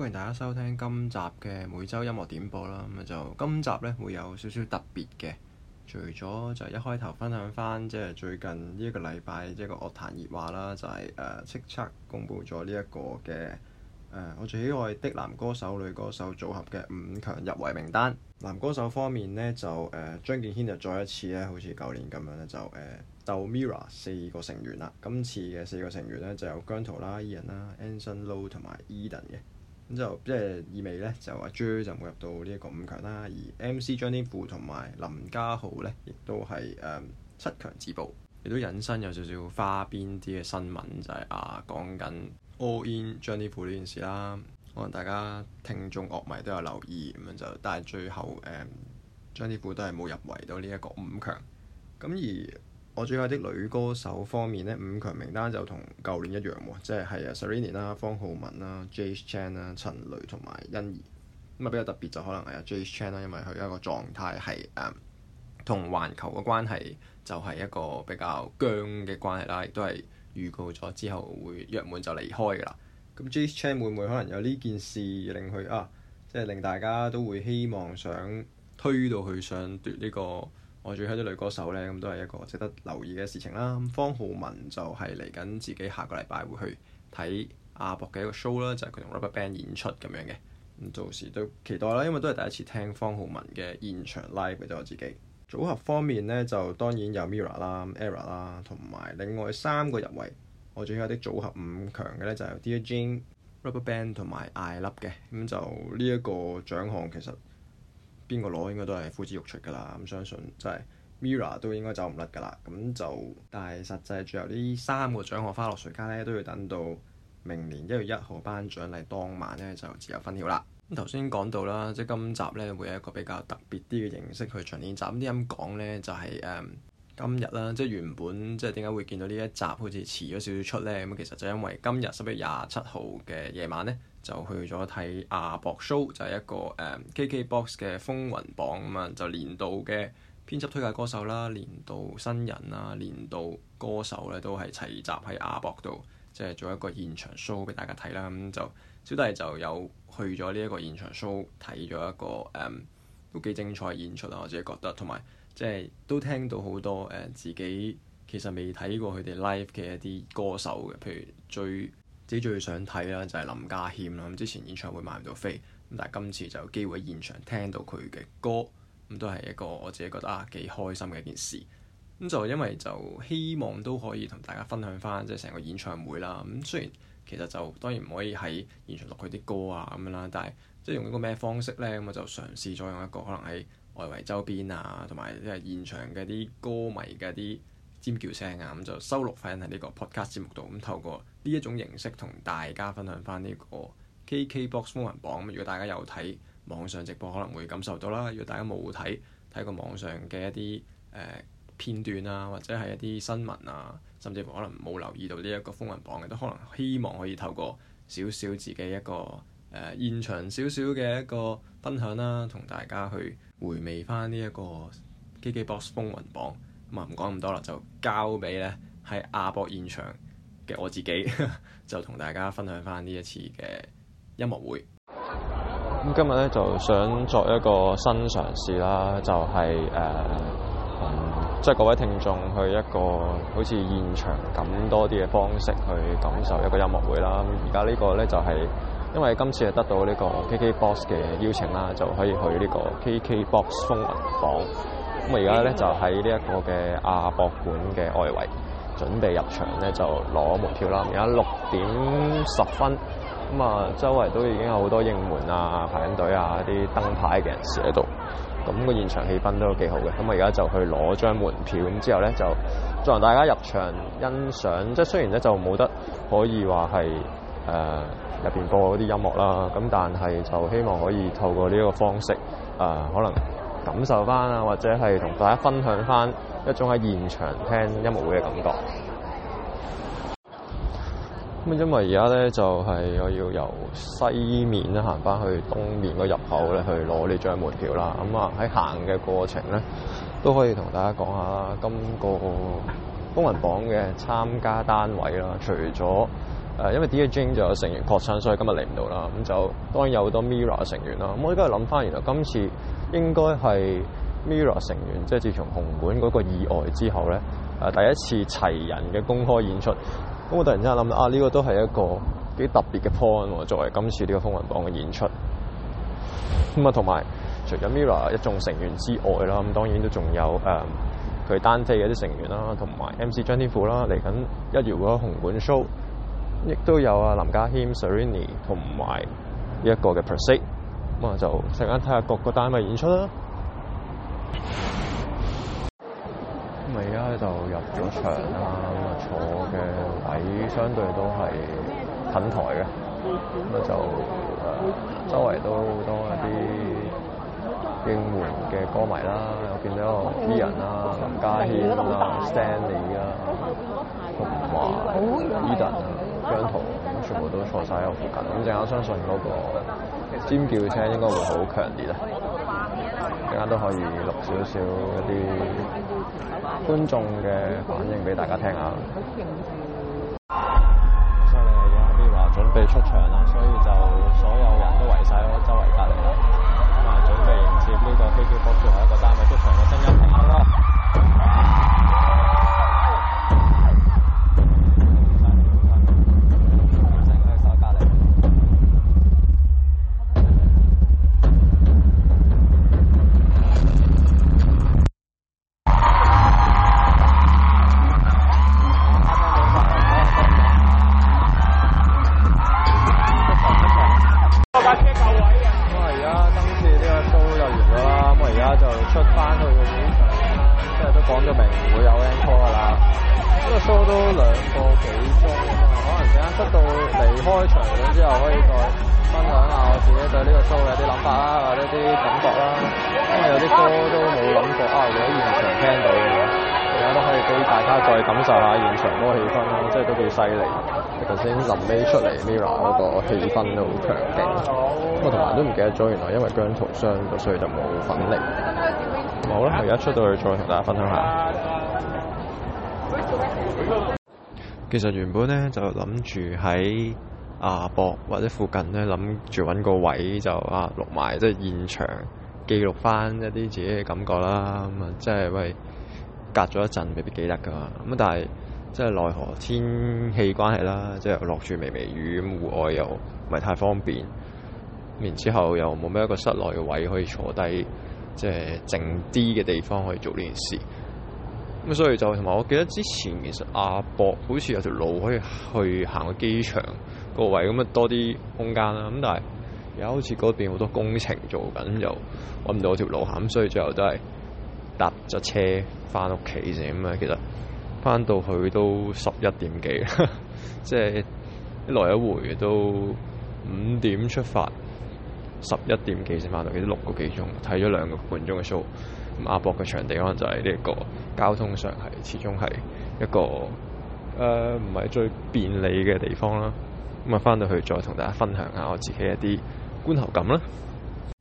歡迎大家收聽今集嘅每周音樂點播啦。咁就今集咧會有少少特別嘅，除咗就一開頭分享翻，即、就、係、是、最近呢一個禮拜即係個樂壇熱話啦，就係誒叱咤公佈咗呢一個嘅誒、呃、我最喜愛的男歌手女歌手組合嘅五強入圍名單。男歌手方面咧就誒、呃、張敬軒就再一次咧，好似舊年咁樣咧就誒鬥、呃、Mirror 四個成員啦。今次嘅四個成員咧就由姜濤啦、Ian 啦、Anson Lo 同埋 Eden 嘅。咁就即係、就是、意味咧，就阿 J、er、就冇入到呢一個五強啦。而 MC 張天賦同埋林家豪咧，亦都係誒、嗯、七強止步，亦都引申有少少花邊啲嘅新聞，就係、是、啊講緊 all in 張天賦呢件事啦。可能大家聽眾樂迷都有留意咁樣就，但係最後誒、嗯、張天賦都係冇入圍到呢一個五強。咁而我最愛的女歌手方面咧，五強名單就同舊年一樣喎、哦，即係係啊 Serrini 啦、方皓玟啦、Jace Chan 啦、陳蕾同埋欣怡。咁啊比較特別就可能係啊 Jace Chan 啦，因為佢一個狀態係誒同環球嘅關係就係一個比較僵嘅關係啦，亦都係預告咗之後會約滿就離開噶啦。咁 Jace Chan 會唔會可能有呢件事令佢啊，即係令大家都會希望想推到佢想奪呢、這個？我最愛嘅女歌手呢，咁都係一個值得留意嘅事情啦。咁方浩文就係嚟緊自己下個禮拜會去睇阿博嘅一個 show 啦，就係、是、佢同 Rubberband 演出咁樣嘅。咁到時都期待啦，因為都係第一次聽方浩文嘅現場 live，就我自己。組合方面呢，就當然有 Mirror 啦、Error 啦，同埋另外三個入圍。我最愛嘅組合五強嘅呢，就係、是、Dear Jane Rubberband 同埋 I Love 嘅。咁就呢一個獎項其實～邊個攞應該都係呼之欲出㗎啦，咁、嗯、相信即係 MIRROR 都應該走唔甩㗎啦，咁就但係實際最後呢三個獎項花落誰家呢，都要等到明年一月一號頒獎禮當晚呢，就自有分曉啦。咁頭先講到啦，即係今集呢會有一個比較特別啲嘅形式去巡演集，咁啲咁講呢，就係、是、誒、嗯、今日啦，即係原本即係點解會見到呢一集好似遲咗少少出呢？咁其實就因為今日十一月廿七號嘅夜晚呢。就去咗睇亞博 show，就係一個誒、um, KKBOX 嘅風雲榜咁啊、嗯，就年度嘅編輯推介歌手啦、年度新人啦、年度歌手咧都係齊集喺亞博度，即、就、係、是、做一個現場 show 俾大家睇啦。咁、嗯、就小弟就有去咗呢一個現場 show 睇咗一個誒、um, 都幾精彩演出啊，我自己覺得。同埋即係都聽到好多誒、uh, 自己其實未睇過佢哋 live 嘅一啲歌手嘅，譬如最。自己最想睇啦，就係林家謙啦。咁之前演唱會買唔到飛，咁但係今次就有機會現場聽到佢嘅歌，咁都係一個我自己覺得啊幾開心嘅一件事。咁、嗯、就因為就希望都可以同大家分享返即係成個演唱會啦。咁雖然其實就當然唔可以喺現場錄佢啲歌啊咁樣啦，但係即係用一個咩方式呢？咁我就嘗試咗用一個可能喺外圍周邊啊同埋即係現場嘅啲歌迷嘅啲。尖叫聲啊，咁就收錄翻喺呢個 podcast 節目度，咁透過呢一種形式同大家分享翻呢個 KKBOX 風雲榜。咁如果大家有睇網上直播，可能會感受到啦；如果大家冇睇，睇過網上嘅一啲、呃、片段啊，或者係一啲新聞啊，甚至乎可能冇留意到呢一個風雲榜嘅，都可能希望可以透過少少自己一個誒、呃、現場少少嘅一個分享啦，同大家去回味翻呢一個 KKBOX 風雲榜。唔唔講咁多啦，就交俾咧喺亞博現場嘅我自己， 就同大家分享翻呢一次嘅音樂會。咁今日咧就想作一個新嘗試啦，就係、係、誒，即、呃、係、嗯、就係、各位聽眾去一個好似現場咁多啲嘅方式去感受一個音樂會啦。而家呢個咧就係、係、因為今次係得到呢個 KKBOX 嘅邀請啦，就可以去呢個 KKBOX 風雲榜。咁啊，而家咧就喺呢一個嘅亞博館嘅外圍，準備入場咧就攞門票啦。而家六點十分，咁啊，周圍都已經有好多應門啊、排緊隊啊、啲燈牌嘅人士喺度。咁個現場氣氛都幾好嘅。咁我而家就去攞張門票，咁之後咧就祝望大家入場欣賞。即係雖然咧就冇得可以話係誒入邊播嗰啲音樂啦，咁但係就希望可以透過呢個方式啊、呃，可能。感受翻啊，或者係同大家分享翻一種喺現場聽音樂會嘅感覺。咁因為而家咧就係、是、我要由西面咧行翻去東面個入口咧去攞呢張門票啦。咁啊喺行嘅過程咧都可以同大家講下今個風雲榜嘅參加單位啦，除咗。誒，因為 DJ 就有成員確診，所以今日嚟唔到啦。咁就當然有好多 MIRROR 嘅成員啦。咁我而家諗翻，原來今次應該係 MIRROR 成員，即係自從紅館嗰個意外之後咧，誒第一次齊人嘅公開演出。咁我突然之間諗，啊呢、呢個都係一個幾特別嘅 point。作為今次呢個風雲榜嘅演出。咁啊，同埋除咗 MIRROR 一眾成員之外啦，咁當然都仲有誒佢、呃、單飛嘅啲成員啦，同埋 MC 張天賦啦，嚟緊一月嗰個紅館 show。亦都有啊，林家謙、Serrini 同埋呢一個嘅 Per Se 咁啊就陣間睇下各個單位演出啦。咁啊，而家就入咗場啦，咁啊坐嘅位相對都係近台嘅，咁啊就誒周圍都好多一啲應援嘅歌迷啦，我見到有 Ian 啦、林家謙啦、Stanley 啊，同華 Edan 啊。張圖全部都坐晒喺我附近，咁陣間相信個尖叫聲，應該會好強啲啦，依家，都可以錄少少一啲觀眾嘅反應俾大家聽下。好犀利！而家呢話準備出場啦，所以就所有人都圍晒我周圍隔離啦，咁啊準備迎接呢個飛機哥最後一個單位出場嘅聲音。架車夠位啊！咁啊，而家今次呢個 show 又完咗啦，咁我而家就出翻去個現場啦，即係都講咗明唔會有 encore 噶啦。呢個 show 都兩個幾鐘啊，可能陣間出到離開場館之後，可以再分享下我自己對呢個 show 有啲諗法啦，或者啲感覺啦。因為有啲歌都冇諗過啊，會喺現場聽到嘅，咁啊都可以俾大家再感受下現場嗰個氣氛啦，即係都幾犀利。頭先臨尾出嚟 MIRROR 嗰個氣氛都好強勁，咁啊同埋都唔記得咗，原來因為姜濤傷咗，所以就冇粉力。嗯、好啦，我而家出到去再同大家分享下。嗯、其實原本咧就諗住喺阿博或者附近咧諗住揾個位就啊錄埋、就是嗯，即係現場記錄翻一啲自己嘅感覺啦。咁啊即係喂，隔咗一陣未必記得噶嘛。咁、嗯、但係。即係奈何天氣關係啦，即係落住微微雨，戶外又唔係太方便。然之後又冇咩一個室內嘅位可以坐低，即係靜啲嘅地方可以做呢件事。咁、嗯、所以就同埋，我記得之前其實阿博好似有條路可以去行個機場個位，咁啊多啲空間啦。咁但係而家好似嗰邊好多工程做緊，又揾唔到條路行、嗯。所以最後都係搭咗車翻屋企啫。咁啊，其實～翻到去都十一點幾， 即係一來一回都五點出發，十一點幾先翻到去都，嗰啲六個幾鐘睇咗兩個半鐘嘅 show、嗯。咁亞博嘅場地，可能就係呢一個交通上係始終係一個誒唔係最便利嘅地方啦。咁、嗯、啊，翻到去再同大家分享下我自己一啲觀後感啦。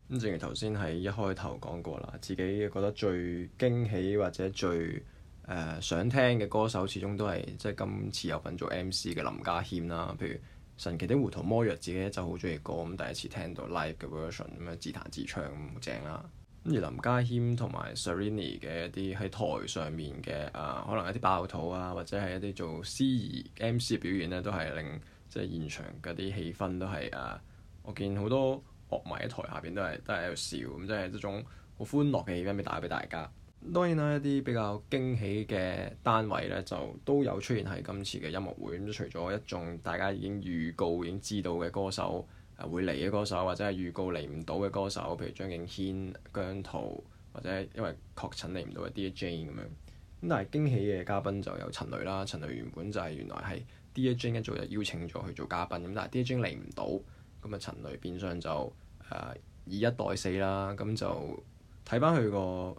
咁正如頭先係一開頭講過啦，自己覺得最驚喜或者最誒、呃、想聽嘅歌手，始終都係即係今次有份做 MC 嘅林家謙啦。譬如神奇的糊塗魔藥自己就好中意歌，咁第一次聽到 live 嘅 version 咁樣自彈自唱咁正啦。咁而林家謙同埋 Serrini 嘅一啲喺台上面嘅啊，可能一啲爆肚啊，或者係一啲做司儀 MC 嘅表演咧，都係令即係現場嗰啲氣氛都係啊、呃，我見好多樂迷喺台下都都邊都係都喺度笑咁，即係一種好歡樂嘅氣氛俾帶俾大家。當然啦，一啲比較驚喜嘅單位咧，就都有出現喺今次嘅音樂會。咁、嗯、除咗一眾大家已經預告已經知道嘅歌手係、啊、會嚟嘅歌手，或者係預告嚟唔到嘅歌手，譬如張敬軒、姜濤，或者因為確診嚟唔到嘅 DJ 咁樣。咁但係驚喜嘅嘉賓就有陳蕾啦。陳蕾原本就係原來係 DJ 一早就邀請咗去做嘉賓，咁但係 DJ 嚟唔到，咁、嗯、啊陳雷變相就誒、呃、以一代四啦。咁、嗯、就睇翻佢個。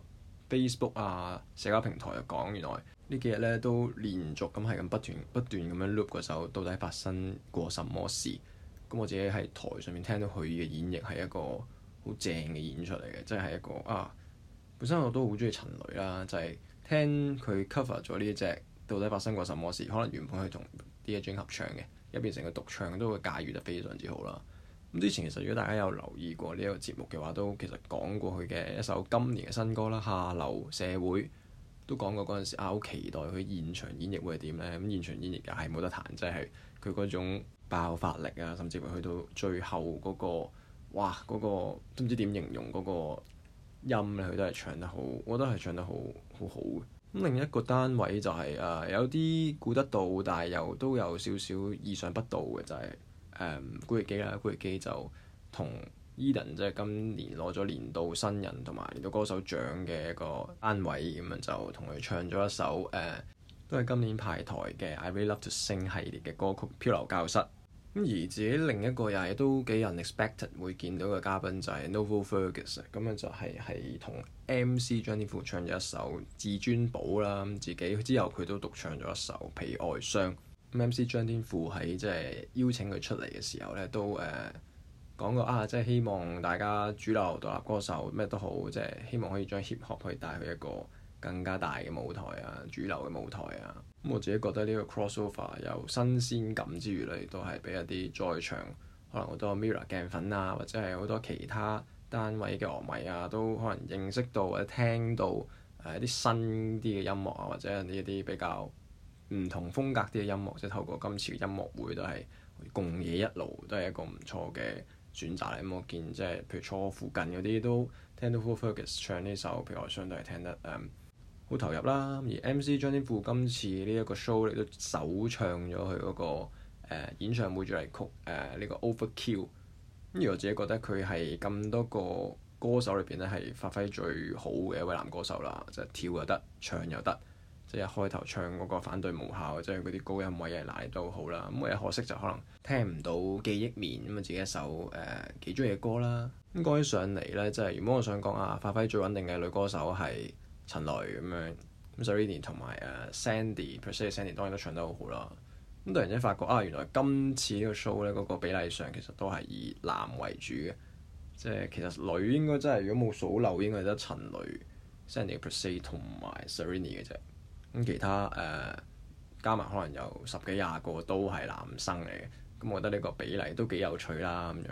Facebook 啊，社交平台啊講，原來呢幾日咧都連續咁係咁不斷不斷咁樣 loop 嗰首，到底發生過什麼事？咁我自己喺台上面聽到佢嘅演繹係一個好正嘅演出嚟嘅，即係一個啊，本身我都好中意陳雷啦，就係聽佢 cover 咗呢一隻，到底發生過什麼事？可能原本佢同啲一 j 合唱嘅，一變成佢獨唱，都會駕馭得非常之好啦。咁之前其實，如果大家有留意過呢一個節目嘅話，都其實講過佢嘅一首今年嘅新歌啦，《下流社會》都講過嗰陣時啊，好期待佢現場演繹會係點呢？咁現場演繹又係冇得彈，即係佢嗰種爆發力啊，甚至乎去到最後嗰個哇嗰個都唔知點形容嗰個音咧，佢都係唱得好，我覺得係唱得好好好嘅。咁另一個單位就係誒有啲估得到，但係又都有少少意想不到嘅，就係。誒、um，古巨基啦，古巨基就同 Eden 即係今年攞咗年度新人同埋年度歌手獎嘅一個單位，咁樣，就同佢唱咗一首誒、uh, 都係今年派台嘅 I Really Love To Sing 系列嘅歌曲《漂流教室》。咁而自己另一個又係都幾 unexpected 會見到嘅嘉賓就係 Novel Fergus，咁樣就係係同 MC 張天賦唱咗一首《至尊寶》啦，咁自己之後佢都獨唱咗一首《皮外傷》。MC 張天賦喺即係邀請佢出嚟嘅時候咧，都誒、呃、講過啊，即係希望大家主流獨立歌手咩都好，即係希望可以將 hip-hop 可以帶去一個更加大嘅舞台啊，主流嘅舞台啊。咁、嗯、我自己覺得呢個 crossover 有新鮮感之餘咧，亦都係俾一啲在場可能好多 Mirror 鏡粉啊，或者係好多其他單位嘅樂迷啊，都可能認識到或者聽到誒一啲新啲嘅音樂啊，或者呢一啲比較，唔同風格啲嘅音樂，即係透過今次嘅音樂會都係共嘢一路，都係一個唔錯嘅選擇嚟。咁、嗯、我見即係譬如坐附近嗰啲都聽到 f o f e r g s 唱呢首，譬如我相對係聽得誒好、um，投入啦。而 M.C. 張天賦今次呢一個 show 亦都首唱咗佢嗰個、uh，演唱會主題曲誒呢、uh，個 Overkill。咁而我自己覺得佢係咁多個歌手裏邊咧係發揮最好嘅一位男歌手啦，就係、是、跳又得，唱又得。即係一開頭唱嗰個反對無效，即係嗰啲高音位嘅拿捏都好啦。咁唯一可惜就可能聽唔到記憶面咁啊，自己一首誒幾中意嘅歌啦。咁講起上嚟咧，即係如果我想講啊，發揮最穩定嘅女歌手係陳雷咁樣，咁 Sarini 同埋誒、啊、Sandy Percy Sandy 當然都唱得好好啦。咁突然之間發覺啊，原來今次呢個 show 咧嗰、嗰個比例上其實都係以男為主嘅，即係其實女應該真係如果冇數漏，應該得陳雷 Sandy Percy 同埋 Sarini 嘅啫。咁其他誒、呃、加埋可能有十幾廿個都係男生嚟嘅，咁我覺得呢個比例都幾有趣啦咁樣。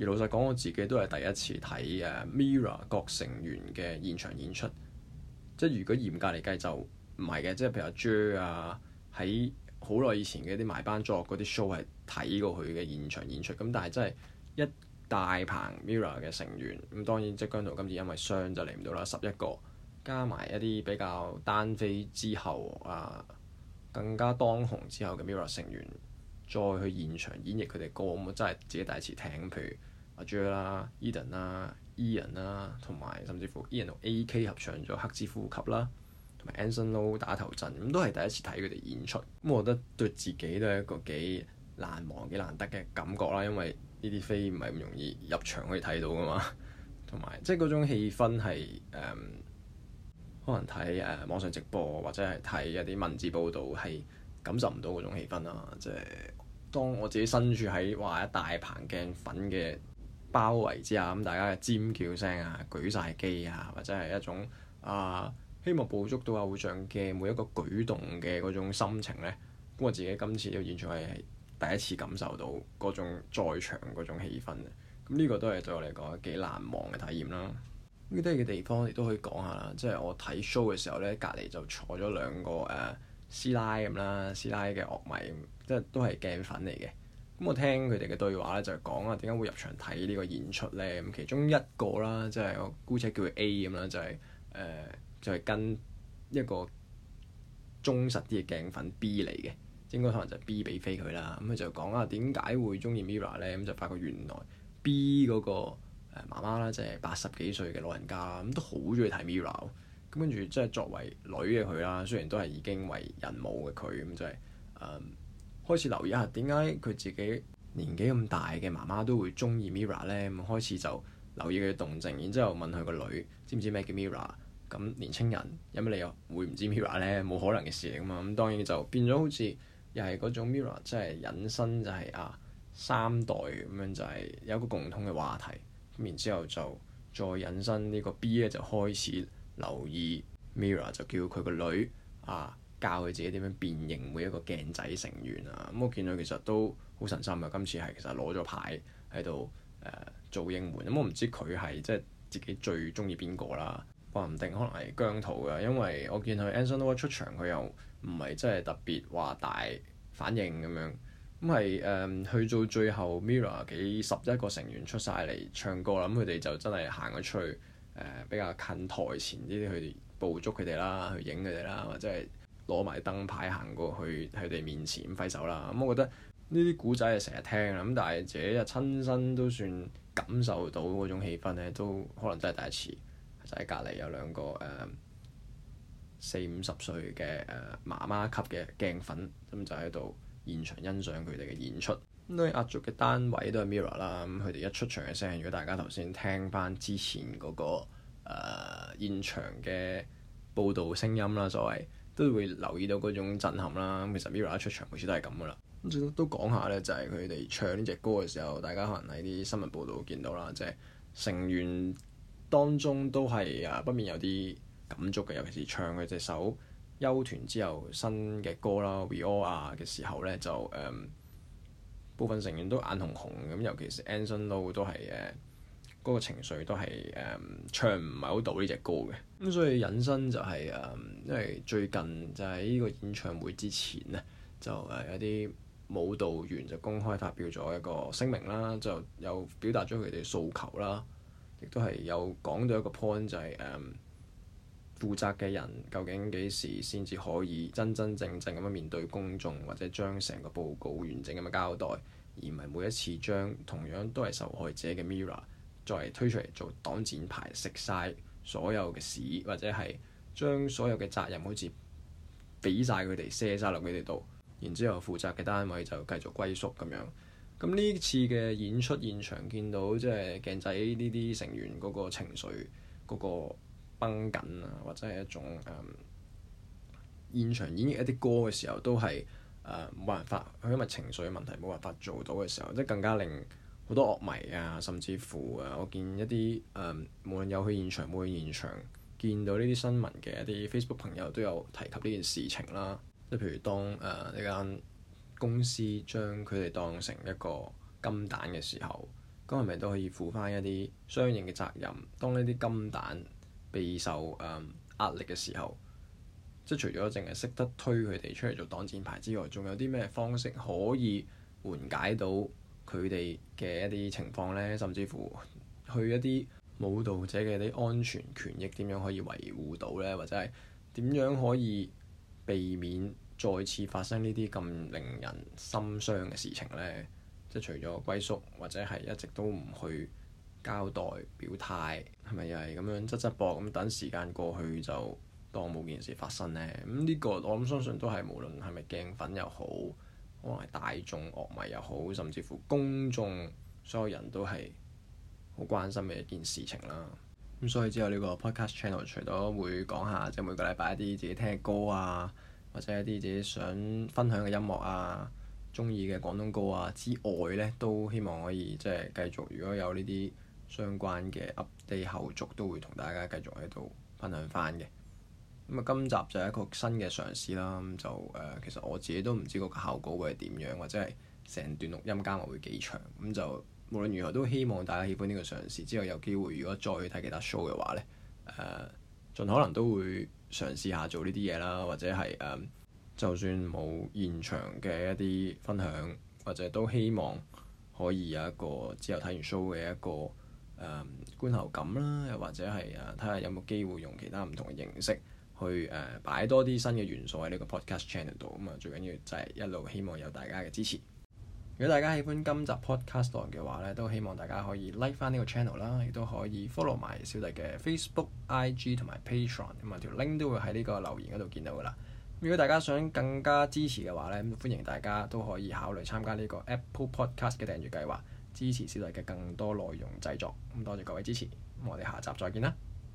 而老實講，我自己都係第一次睇誒 Mirror 各成員嘅現場演出，即係如果嚴格嚟計就唔係嘅，即係譬如阿 Jer 啊喺好耐以前嘅啲埋班作嗰啲 show 係睇過佢嘅現場演出，咁但係真係一大棚 Mirror 嘅成員，咁當然即係姜濤今次因為傷就嚟唔到啦，十一個。加埋一啲比較單飛之後啊，更加當紅之後嘅 Mirror 成員，再去現場演繹佢哋歌咁，我、嗯、真係自己第一次聽。譬如阿 Jer 啦、Eden 啦、Ian 啦，同埋甚至乎 Ian 同 AK 合唱咗《黑之呼吸》啦，同埋 Anson Lo 打頭陣，咁、嗯、都係第一次睇佢哋演出。咁、嗯、我覺得對自己都係一個幾難忘、幾難得嘅感覺啦，因為呢啲飛唔係咁容易入場可以睇到㗎嘛，同埋即係嗰種氣氛係誒。嗯可能睇誒、呃、網上直播或者係睇一啲文字報導係感受唔到嗰種氣氛啦、啊，即、就、係、是、當我自己身處喺哇一大棚鏡粉嘅包圍之下，咁大家嘅尖叫聲啊、舉晒機啊，或者係一種啊希望捕捉到偶像嘅每一個舉動嘅嗰種心情呢，咁我自己今次喺完全係第一次感受到嗰種在場嗰種氣氛嘅，咁呢個都係對我嚟講幾難忘嘅體驗啦。呢啲嘅地方，亦都可以講下啦。即係我睇 show 嘅時候咧，隔離就坐咗兩個誒師奶咁啦，師奶嘅樂迷，即係都係鏡粉嚟嘅。咁我聽佢哋嘅對話咧，就講、是、啊點解會入場睇呢個演出咧？咁其中一個啦，即係我姑且叫佢 A 咁、就、啦、是，uh, 就係誒就係跟一個忠實啲嘅鏡粉 B 嚟嘅，應該可能就係 B 俾飛佢啦。咁、嗯、佢就講啊點解會中意 Mira 咧？咁、嗯、就發覺原來 B 嗰、那個。誒媽媽咧，即係八十幾歲嘅老人家啦，咁都好中意睇 Mirra 咁。跟住即係作為女嘅佢啦，雖然都係已經為人母嘅佢，咁就係、是、誒、嗯、開始留意一下點解佢自己年紀咁大嘅媽媽都會中意 Mirra 咧。咁開始就留意佢嘅動靜，然之後問佢個女的知唔知咩叫 m i r r o r 咁年青人有咩理由會唔知 m i r r o r 咧？冇可能嘅事嚟噶嘛。咁、嗯、當然就變咗好似又係嗰種 m i r r o r 即係隱身就係、就是、啊三代咁樣，就係有一個共通嘅話題。咁然之後就再引申呢個 B 咧，就開始留意 Mira，就叫佢個女啊教佢自己點樣辨認每一個鏡仔成員啊。咁、嗯、我見佢其實都好神心啊，今次係其實攞咗牌喺度誒做應援。咁、嗯、我唔知佢係即係自己最中意邊個啦，話唔定可能係姜濤嘅，因為我見佢 Anson Lo 出場佢又唔係真係特別話大反應咁樣。咁係誒去到最後 Mirror 幾十一個成員出晒嚟唱歌啦，咁佢哋就真係行咗出去誒、呃、比較近台前啲去捕捉佢哋啦，去影佢哋啦，或者係攞埋燈牌行過去佢哋面前咁揮手啦。咁、嗯、我覺得呢啲古仔係成日聽啦，咁但係自己親身都算感受到嗰種氣氛咧，都可能真係第一次就喺、是、隔離有兩個誒四五十歲嘅誒、呃、媽媽級嘅鏡粉咁、嗯、就喺度。現場欣賞佢哋嘅演出，咁都係壓軸嘅單位都係 Mirror 啦。咁佢哋一出場嘅聲，如果大家頭先聽翻之前嗰、那個誒、呃、現場嘅報導聲音啦，所謂都會留意到嗰種震撼啦。咁其實 Mirror 一出場，好似都係咁噶啦。咁仲都講下呢，就係佢哋唱呢隻歌嘅時候，大家可能喺啲新聞報導見到啦，即、就、係、是、成員當中都係啊不免有啲感觸嘅，尤其是唱佢隻手，休團之後新嘅歌啦，We l l 啊嘅時候呢，就誒、嗯、部分成員都眼紅紅咁、嗯，尤其是 Anson 都係誒嗰個情緒都係誒、嗯、唱唔係好到呢隻歌嘅。咁、嗯、所以引申就係、是、誒、嗯，因為最近就喺呢個演唱會之前呢，就誒、嗯、有一啲舞蹈員就公開發表咗一個聲明啦，就有表達咗佢哋訴求啦，亦都係有講到一個 point 就係、是、誒。嗯負責嘅人究竟幾時先至可以真真正正咁樣面對公眾，或者將成個報告完整咁樣交代，而唔係每一次將同樣都係受害者嘅 Mirror 再推出嚟做擋箭牌，食晒所有嘅屎，或者係將所有嘅責任好似俾晒佢哋，卸晒落佢哋度，然之後負責嘅單位就繼續歸宿咁樣。咁呢次嘅演出現場見到即係鏡仔呢啲成員嗰個情緒嗰個。崩緊啊，或者係一種誒、呃、現場演繹一啲歌嘅時候，都係誒冇辦法。佢因為情緒嘅問題，冇辦法做到嘅時候，即係更加令好多樂迷啊，甚至乎誒我見一啲誒、呃、無論有去現場冇去現場，見到呢啲新聞嘅一啲 Facebook 朋友都有提及呢件事情啦。即譬如當誒呢間公司將佢哋當成一個金蛋嘅時候，咁係咪都可以負翻一啲相應嘅責任？當呢啲金蛋備受誒、嗯、壓力嘅時候，即除咗淨係識得推佢哋出嚟做擋箭牌之外，仲有啲咩方式可以緩解到佢哋嘅一啲情況呢？甚至乎去一啲舞蹈者嘅啲安全權益點樣可以維護到呢？或者係點樣可以避免再次發生呢啲咁令人心傷嘅事情呢？即除咗歸宿，或者係一直都唔去。交代表態係咪又係咁樣質質博咁？等時間過去就當冇件事發生呢？咁、嗯、呢、呢個我諗相信都係無論係咪鏡粉又好，可能係大眾樂迷又好，甚至乎公眾所有人都係好關心嘅一件事情啦。咁所以之後呢個 podcast channel 除咗會講下即係每個禮拜一啲自己聽嘅歌啊，或者一啲自己想分享嘅音樂啊，中意嘅廣東歌啊之外呢，都希望可以即係繼續。如果有呢啲。相關嘅 update 後續都會同大家繼續喺度分享翻嘅。咁啊，今集就係一個新嘅嘗試啦。咁就誒，其實我自己都唔知個效果會係點樣，或者係成段錄音加埋會幾長。咁就無論如何，都希望大家喜歡呢個嘗試。之後有機會如果再去睇其他 show 嘅話呢，誒、呃，盡可能都會嘗試下做呢啲嘢啦，或者係誒、呃，就算冇現場嘅一啲分享，或者都希望可以有一個之後睇完 show 嘅一個。誒、呃、觀後感啦，又或者係誒睇下有冇機會用其他唔同嘅形式去誒、呃、擺多啲新嘅元素喺呢個 podcast channel 度啊嘛，最緊要就係一路希望有大家嘅支持。如果大家喜歡今集 podcast 嘅話咧，都希望大家可以 like 翻呢個 channel 啦，亦都可以 follow 埋小弟嘅 Facebook、IG 同埋 Patreon，咁啊條 link 都會喺呢個留言嗰度見到噶啦。如果大家想更加支持嘅話咧，歡迎大家都可以考慮參加呢個 Apple Podcast 嘅訂閱計劃。支持小弟嘅更多內容製作，咁多謝各位支持，我哋下集再見啦。